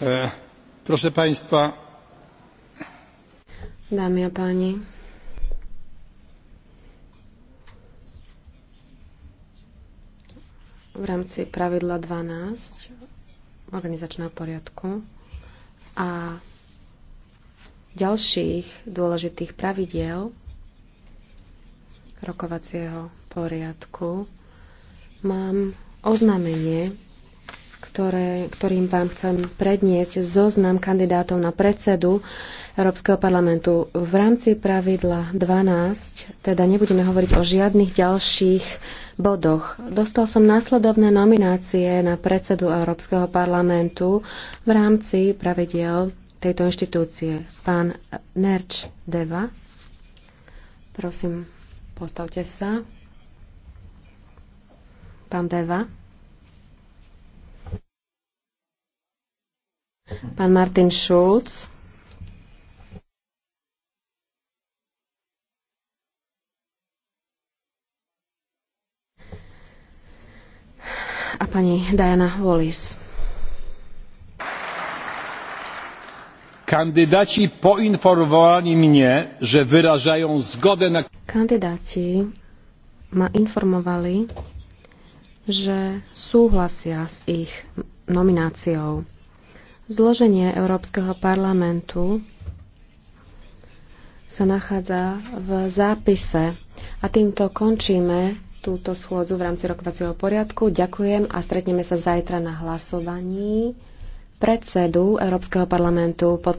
Eh, proszę Państwa. Dámy a páni. V rámci pravidla 12 organizačného poriadku a ďalších dôležitých pravidiel rokovacieho poriadku mám oznámenie ktoré, ktorým vám chcem predniesť zoznam kandidátov na predsedu Európskeho parlamentu. V rámci pravidla 12, teda nebudeme hovoriť o žiadnych ďalších bodoch. Dostal som následovné nominácie na predsedu Európskeho parlamentu v rámci pravidiel tejto inštitúcie. Pán Nerč Deva, prosím, postavte sa. Pán Deva. Pán Martin Schulz. A pani Diana Wallis. Kandydaci poinformovali mne, že wyrażają zgodę na... Kandidáti ma informovali, že súhlasia s ich nomináciou. Zloženie Európskeho parlamentu sa nachádza v zápise. A týmto končíme túto schôdzu v rámci rokovacieho poriadku. Ďakujem a stretneme sa zajtra na hlasovaní predsedu Európskeho parlamentu pod